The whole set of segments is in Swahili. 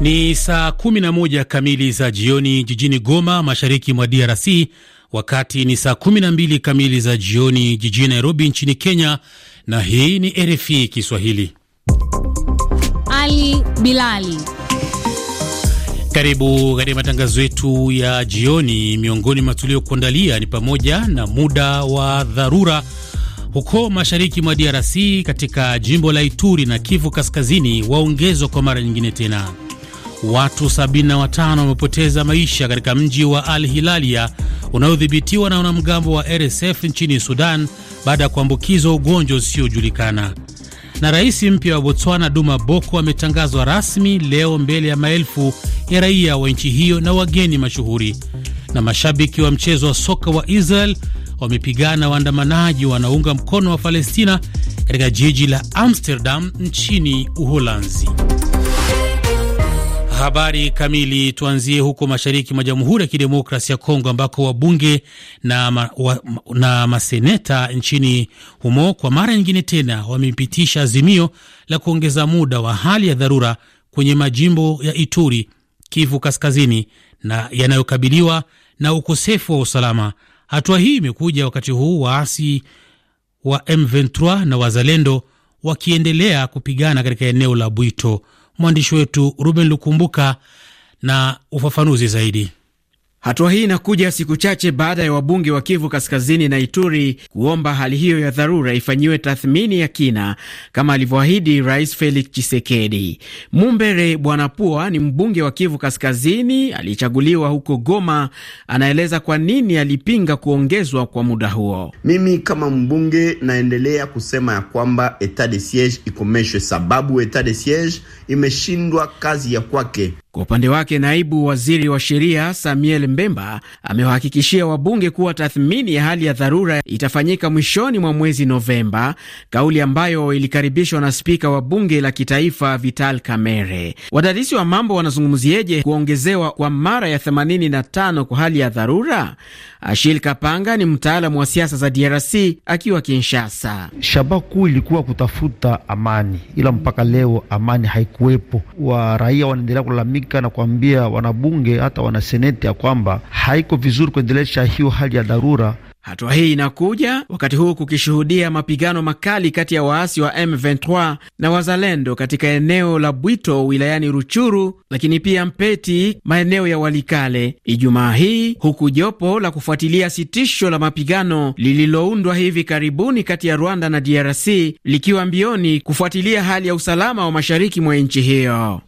Ni saa 11 kamili za jioni jijini Goma, mashariki mwa DRC, wakati ni saa 12 kamili za jioni jijini Nairobi nchini Kenya. Na hii ni RFI Kiswahili. Ali Bilali, karibu katika matangazo yetu ya jioni. Miongoni mwa tuliokuandalia ni pamoja na muda wa dharura huko mashariki mwa DRC katika jimbo la Ituri na Kivu Kaskazini waongezwa kwa mara nyingine tena Watu 75 wamepoteza maisha katika mji wa Al Hilalia unaodhibitiwa na wanamgambo wa RSF nchini Sudan baada ya kuambukizwa ugonjwa usiojulikana. Na rais mpya wa Botswana Duma Boko ametangazwa rasmi leo mbele ya maelfu ya raia wa nchi hiyo na wageni mashuhuri. Na mashabiki wa mchezo wa soka wa Israel wamepigana waandamanaji wanaunga mkono wa Palestina katika jiji la Amsterdam nchini Uholanzi. Habari kamili. Tuanzie huko mashariki mwa Jamhuri ya Kidemokrasi ya Kongo ambako wabunge na, ma, wa, na maseneta nchini humo kwa mara nyingine tena wamepitisha azimio la kuongeza muda wa hali ya dharura kwenye majimbo ya Ituri, Kivu Kaskazini na yanayokabiliwa na ukosefu wa usalama. Hatua hii imekuja wakati huu waasi wa M23 na wazalendo wakiendelea kupigana katika eneo la Bwito mwandishi wetu Ruben Lukumbuka na ufafanuzi zaidi. Hatua hii inakuja siku chache baada ya wabunge wa Kivu Kaskazini na Ituri kuomba hali hiyo ya dharura ifanyiwe tathmini ya kina kama alivyoahidi Rais Felix Tshisekedi. Mumbere Bwana Pua ni mbunge wa Kivu Kaskazini aliyechaguliwa huko Goma, anaeleza kwa nini alipinga kuongezwa kwa muda huo. Mimi kama mbunge naendelea kusema ya kwamba etat de siege ikomeshwe, sababu etat de siege imeshindwa kazi ya kwake. Kwa upande wake, naibu waziri wa sheria Samuel Mbemba amewahakikishia wabunge kuwa tathmini ya hali ya dharura itafanyika mwishoni mwa mwezi Novemba, kauli ambayo ilikaribishwa na spika wa bunge la kitaifa Vital Kamerhe. Wadadisi wa mambo wanazungumzieje kuongezewa kwa mara ya 85 kwa hali ya dharura? Ashil Kapanga ni mtaalamu wa siasa za DRC akiwa Kinshasa. Shabaha kuu ilikuwa kutafuta amani, ila mpaka leo amani haikuwepo. Waraia wanaendelea kulalamika Amerika na kuambia wanabunge hata wanaseneti ya kwamba haiko vizuri kuendelesha hiyo hali ya dharura. Hatua hii inakuja wakati huu kukishuhudia mapigano makali kati ya waasi wa M23 na wazalendo katika eneo la Bwito wilayani Ruchuru, lakini pia Mpeti, maeneo ya Walikale Ijumaa hii, huku jopo la kufuatilia sitisho la mapigano lililoundwa hivi karibuni kati ya Rwanda na DRC likiwa mbioni kufuatilia hali ya usalama wa mashariki mwa nchi hiyo.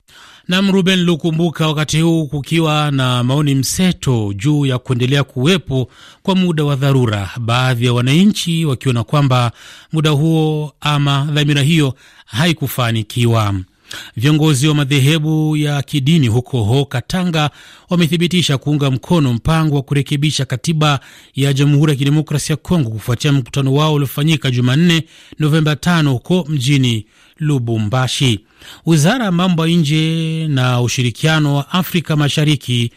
Nam Ruben Lukumbuka, wakati huu kukiwa na maoni mseto juu ya kuendelea kuwepo kwa muda wa dharura, baadhi ya wananchi wakiona kwamba muda huo ama dhamira hiyo haikufanikiwa. Viongozi wa madhehebu ya kidini huko ho Katanga wamethibitisha kuunga mkono mpango wa kurekebisha katiba ya Jamhuri ya Kidemokrasia ya Kongo kufuatia mkutano wao uliofanyika Jumanne Novemba 5 huko mjini Lubumbashi. Wizara ya mambo ya nje na ushirikiano wa Afrika Mashariki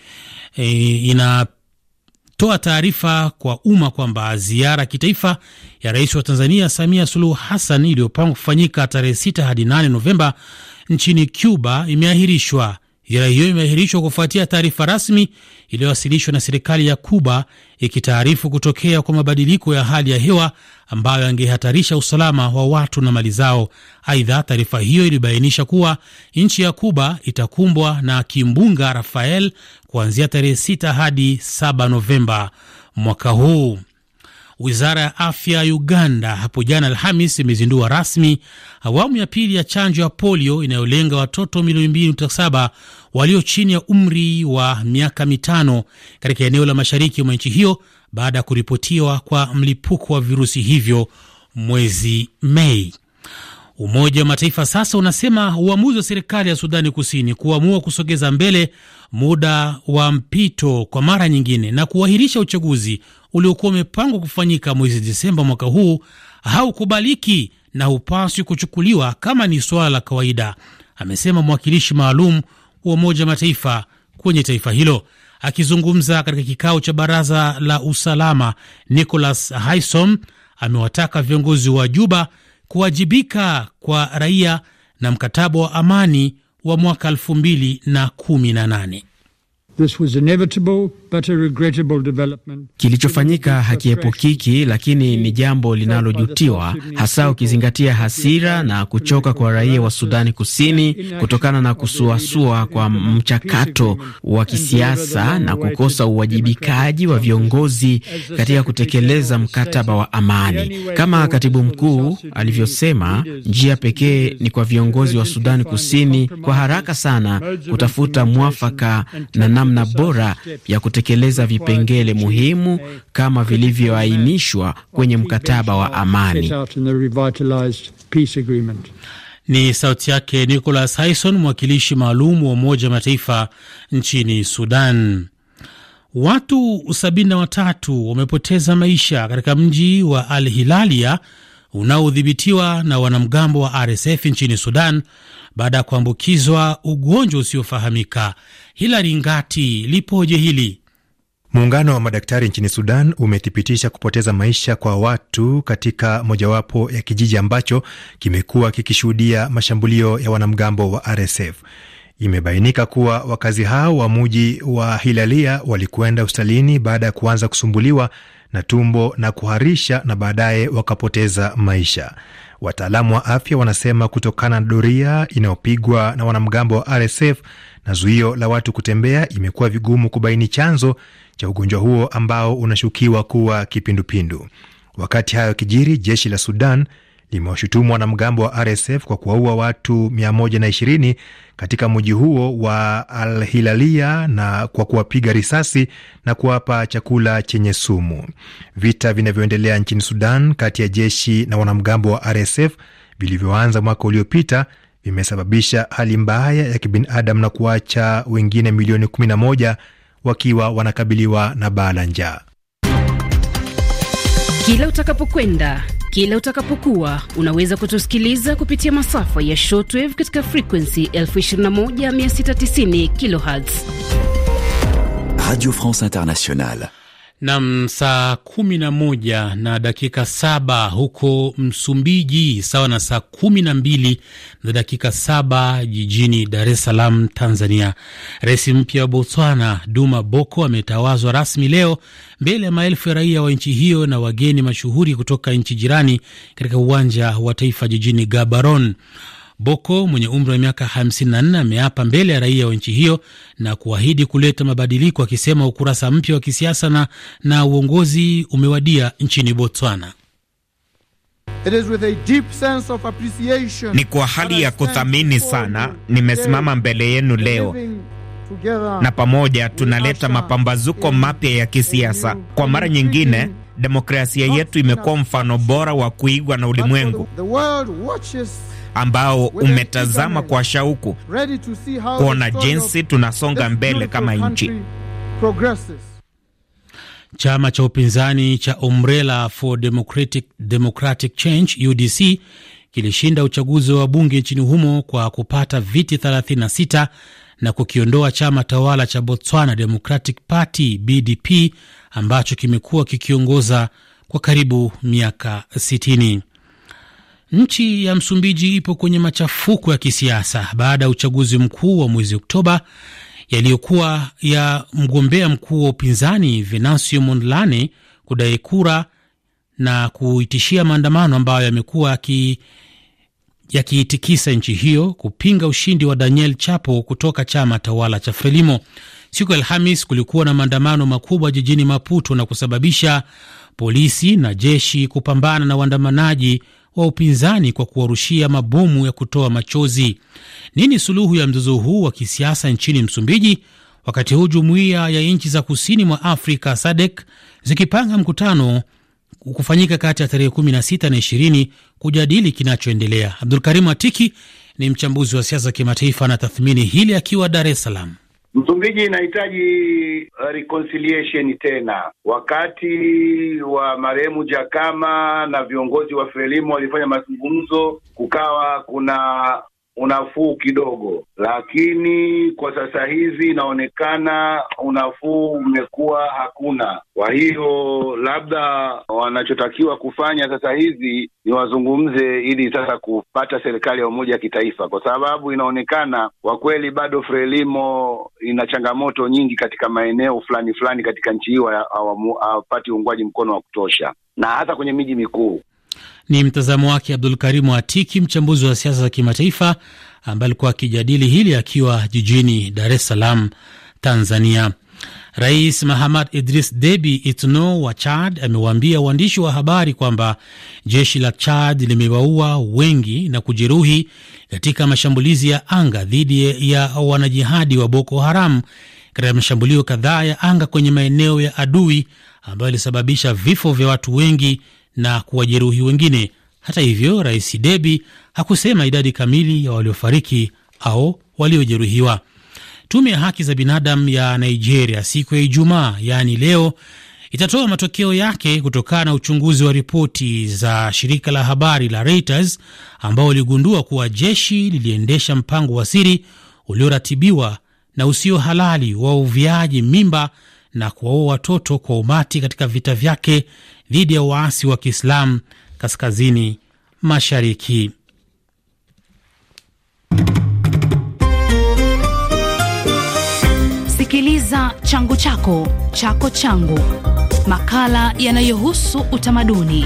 e, inatoa taarifa kwa umma kwamba ziara ya kitaifa ya rais wa Tanzania Samia Suluhu Hassan iliyopangwa kufanyika tarehe 6 hadi 8 Novemba nchini Cuba imeahirishwa. Ziara hiyo imeahirishwa kufuatia taarifa rasmi iliyowasilishwa na serikali ya Kuba ikitaarifu kutokea kwa mabadiliko ya hali ya hewa ambayo yangehatarisha usalama wa watu na mali zao. Aidha, taarifa hiyo ilibainisha kuwa nchi ya Kuba itakumbwa na kimbunga Rafael kuanzia tarehe 6 hadi 7 Novemba mwaka huu. Wizara ya afya ya Uganda hapo jana Alhamis imezindua rasmi awamu ya pili ya chanjo ya polio inayolenga watoto milioni 2.7 walio chini ya umri wa miaka mitano katika eneo la mashariki mwa nchi hiyo baada ya kuripotiwa kwa mlipuko wa virusi hivyo mwezi Mei. Umoja wa Mataifa sasa unasema uamuzi wa serikali ya Sudani Kusini kuamua kusogeza mbele muda wa mpito kwa mara nyingine na kuahirisha uchaguzi uliokuwa umepangwa kufanyika mwezi Desemba mwaka huu haukubaliki na hupaswi kuchukuliwa kama ni suala la kawaida, amesema mwakilishi maalum wa Umoja wa Mataifa kwenye taifa hilo. Akizungumza katika kikao cha Baraza la Usalama, Nicholas Haysom amewataka viongozi wa Juba kuwajibika kwa raia na mkataba wa amani wa mwaka 2018. This was inevitable. Kilichofanyika hakiepukiki, lakini ni jambo linalojutiwa, hasa ukizingatia hasira na kuchoka kwa raia wa Sudani Kusini kutokana na kusuasua kwa mchakato wa kisiasa na kukosa uwajibikaji wa viongozi katika kutekeleza mkataba wa amani. Kama katibu mkuu alivyosema, njia pekee ni kwa viongozi wa Sudani Kusini kwa haraka sana kutafuta mwafaka na namna bora ya kutekeleza kutekeleza vipengele muhimu kama vilivyoainishwa kwenye mkataba wa amani. Ni sauti yake Nicholas Hayson, mwakilishi maalum wa Umoja wa Mataifa nchini Sudan. Watu 7 watatu wamepoteza maisha katika mji wa Al Hilalia unaodhibitiwa na wanamgambo wa RSF nchini Sudan baada ya kuambukizwa ugonjwa usiofahamika. Hilari Ngati lipoje hili? Muungano wa madaktari nchini Sudan umethibitisha kupoteza maisha kwa watu katika mojawapo ya kijiji ambacho kimekuwa kikishuhudia mashambulio ya wanamgambo wa RSF. Imebainika kuwa wakazi hao wa muji wa Hilalia walikwenda hospitalini baada ya kuanza kusumbuliwa na tumbo na kuharisha na baadaye wakapoteza maisha. Wataalamu wa afya wanasema kutokana na doria inayopigwa na wanamgambo wa RSF na zuio la watu kutembea, imekuwa vigumu kubaini chanzo cha ugonjwa huo ambao unashukiwa kuwa kipindupindu. Wakati hayo kijiri, jeshi la Sudan limewashutumu wanamgambo wa RSF kwa kuwaua watu 120 katika mji huo wa Al Hilalia na kwa kuwapiga risasi na kuwapa chakula chenye sumu. Vita vinavyoendelea nchini Sudan kati ya jeshi na wanamgambo wa RSF vilivyoanza mwaka uliopita vimesababisha hali mbaya ya kibinadamu na kuacha wengine milioni 11 wakiwa wanakabiliwa na baa la njaa. Kila utakapokwenda kila utakapokuwa unaweza kutusikiliza kupitia masafa ya shortwave katika frequency 21690 kilohertz. Radio France Internationale. Nam, saa kumi na moja na dakika saba huko Msumbiji, sawa na saa kumi na mbili na dakika saba jijini Dar es Salaam, Tanzania. Rais mpya wa Botswana Duma Boko ametawazwa rasmi leo mbele ya maelfu ya raia wa nchi hiyo na wageni mashuhuri kutoka nchi jirani katika uwanja wa taifa jijini Gaborone. Boko mwenye umri wa miaka 54 ameapa mbele ya raia wa nchi hiyo na kuahidi kuleta mabadiliko, akisema ukurasa mpya wa kisiasa na, na uongozi umewadia nchini Botswana. It is with a deep sense of appreciation, ni kwa hali ya kuthamini sana nimesimama mbele yenu leo na pamoja tunaleta mapambazuko mapya ya kisiasa. Kwa mara nyingine, demokrasia yetu imekuwa mfano bora wa kuigwa na ulimwengu ambao umetazama kwa shauku kuona jinsi tunasonga mbele kama nchi. Chama cha upinzani cha Umbrella for Democratic, Democratic Change UDC kilishinda uchaguzi wa bunge nchini humo kwa kupata viti 36 na kukiondoa chama tawala cha Botswana Democratic Party BDP ambacho kimekuwa kikiongoza kwa karibu miaka 60. Nchi ya Msumbiji ipo kwenye machafuko ya kisiasa baada ya uchaguzi mkuu wa mwezi Oktoba yaliyokuwa ya mgombea mkuu wa upinzani Venancio Mondlane kudai kura na kuitishia maandamano ambayo yamekuwa yakiitikisa nchi hiyo kupinga ushindi wa Daniel Chapo kutoka chama tawala cha Frelimo. Siku ya Alhamis kulikuwa na maandamano makubwa jijini Maputo na kusababisha polisi na jeshi kupambana na waandamanaji wa upinzani kwa kuwarushia mabomu ya kutoa machozi. Nini suluhu ya mzozo huu wa kisiasa nchini Msumbiji, wakati huu jumuiya ya nchi za kusini mwa Afrika sadek zikipanga mkutano kufanyika kati ya tarehe 16 na 20 kujadili kinachoendelea? Abdulkarim Atiki ni mchambuzi wa siasa za kimataifa, tathmini hili akiwa Dar es Salaam. Msumbiji inahitaji uh, reconciliation tena. Wakati wa marehemu Jakama na viongozi wa Frelimo walifanya mazungumzo, kukawa kuna unafuu kidogo, lakini kwa sasa hivi inaonekana unafuu umekuwa hakuna. Kwa hiyo labda wanachotakiwa kufanya sasa hivi ni wazungumze, ili sasa kupata serikali ya umoja wa kitaifa, kwa sababu inaonekana kwa kweli bado Frelimo ina changamoto nyingi katika maeneo fulani fulani katika nchi hiyo, hawapati uungwaji mkono wa kutosha, na hasa kwenye miji mikuu. Ni mtazamo wake Abdul Karimu Atiki, mchambuzi wa siasa za kimataifa, ambaye alikuwa akijadili hili akiwa jijini Dar es Salaam, Tanzania. Rais Mahamad Idris Debi Itno wa Chad amewaambia waandishi wa habari kwamba jeshi la Chad limewaua wengi na kujeruhi katika mashambulizi ya anga dhidi ya wanajihadi wa Boko Haram katika mashambulio kadhaa ya anga kwenye maeneo ya adui ambayo ilisababisha vifo vya watu wengi na kuwajeruhi wengine. Hata hivyo, Rais debi hakusema idadi kamili ya waliofariki au waliojeruhiwa. Tume ya haki za binadamu ya Nigeria siku ya Ijumaa, yaani leo, itatoa matokeo yake kutokana na uchunguzi wa ripoti za shirika la habari la Reuters ambao uligundua kuwa jeshi liliendesha mpango wa siri ulioratibiwa na usio halali wa uviaji mimba na kuwaua watoto kwa umati katika vita vyake dhidi ya waasi wa Kiislamu kaskazini mashariki. Sikiliza changu chako chako changu, makala yanayohusu utamaduni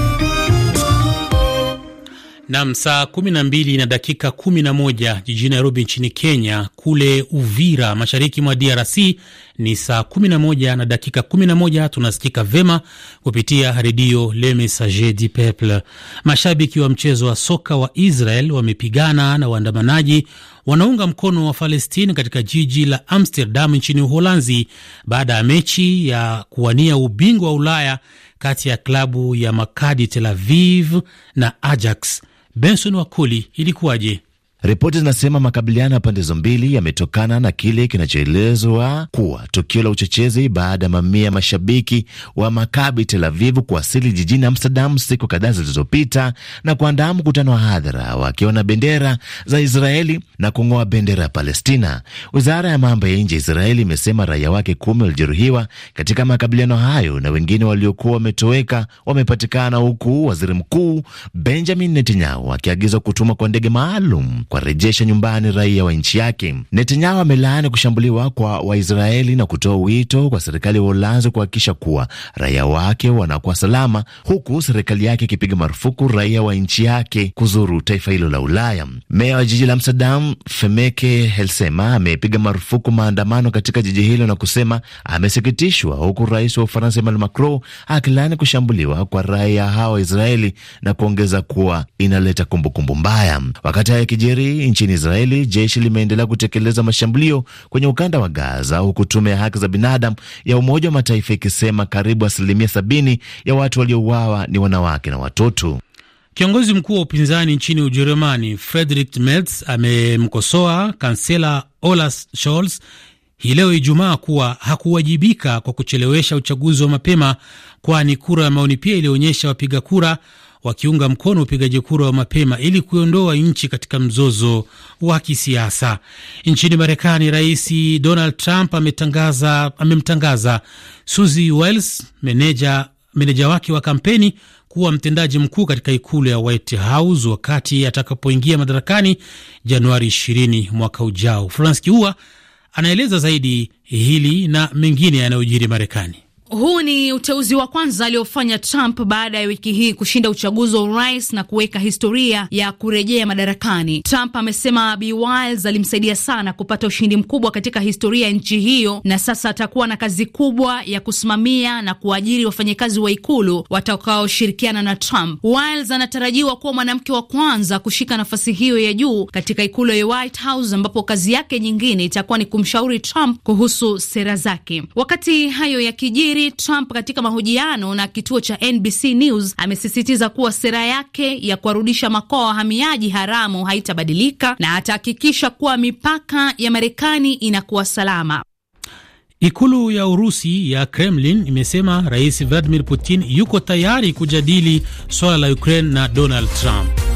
Nam, saa 12 na dakika 11 jijini Nairobi nchini Kenya. Kule Uvira, mashariki mwa DRC ni saa 11 na dakika 11. Tunasikika vema kupitia redio Le Messager du Peuple. Mashabiki wa mchezo wa soka wa Israel wamepigana na waandamanaji wanaunga mkono wa Palestina katika jiji la Amsterdam nchini Uholanzi baada ya mechi ya kuwania ubingwa wa Ulaya kati ya klabu ya Makadi Tel Aviv na Ajax. Benson Wakoli, ilikuwaje? Ripoti zinasema makabiliano ya pande hizo mbili yametokana na kile kinachoelezwa kuwa tukio la uchochezi baada ya mamia ya mashabiki wa Makabi Tel Avivu kuwasili jijini Amsterdam siku kadhaa zilizopita na kuandaa mkutano wa hadhara wakiwa na bendera za Israeli na kung'oa bendera ya Palestina. Wizara ya mambo ya nje ya Israeli imesema raia wake kumi walijeruhiwa katika makabiliano hayo na wengine waliokuwa wametoweka wamepatikana, huku waziri mkuu Benjamin Netanyahu akiagizwa kutumwa kwa ndege maalum kuwarejesha nyumbani raia wa nchi yake. Netanyahu amelaani kushambuliwa kwa Waisraeli na kutoa wito kwa serikali ya Uholanzi kuhakikisha kuwa raia wake wanakuwa salama, huku serikali yake ikipiga marufuku raia wa nchi yake kuzuru taifa hilo la Ulaya. Meya wa jiji la Amsterdam Femeke Helsema amepiga marufuku maandamano katika jiji hilo na kusema amesikitishwa, huku rais wa Ufaransa Emmanuel Macron akilaani kushambuliwa kwa raia hao wa Israeli na kuongeza kuwa inaleta kumbukumbu kumbu mbaya wakati akijeri Alfajiri nchini Israeli, jeshi limeendelea kutekeleza mashambulio kwenye ukanda wa Gaza, huku tume ya haki za binadamu ya Umoja wa Mataifa ikisema karibu asilimia sabini ya watu waliouawa ni wanawake na watoto. Kiongozi mkuu wa upinzani nchini Ujerumani Friedrich Merz amemkosoa kansela Olaf Scholz hii leo Ijumaa kuwa hakuwajibika kwa kuchelewesha uchaguzi wa mapema, kwani kura ya maoni pia ilionyesha wapiga kura wakiunga mkono upigaji kura wa mapema ili kuiondoa nchi katika mzozo wa kisiasa. Nchini Marekani, Rais Donald Trump ametangaza amemtangaza suzi Wiles, meneja meneja wake wa kampeni kuwa mtendaji mkuu katika ikulu ya White House wakati atakapoingia madarakani Januari 20 mwaka ujao. Frans Kiua anaeleza zaidi hili na mengine yanayojiri Marekani. Huu ni uteuzi wa kwanza aliofanya Trump baada ya wiki hii kushinda uchaguzi wa urais na kuweka historia ya kurejea madarakani. Trump amesema Bi Wiles alimsaidia sana kupata ushindi mkubwa katika historia ya nchi hiyo, na sasa atakuwa na kazi kubwa ya kusimamia na kuajiri wafanyakazi wa ikulu watakaoshirikiana na Trump. Wiles anatarajiwa kuwa mwanamke wa kwanza kushika nafasi hiyo ya juu katika ikulu ya White House, ambapo kazi yake nyingine itakuwa ni kumshauri Trump kuhusu sera zake. Wakati hayo yakijiri Waziri Trump katika mahojiano na kituo cha NBC News amesisitiza kuwa sera yake ya kuwarudisha makoa wahamiaji haramu haitabadilika na atahakikisha kuwa mipaka ya Marekani inakuwa salama. Ikulu ya Urusi ya Kremlin imesema Rais Vladimir Putin yuko tayari kujadili suala la Ukraine na Donald Trump.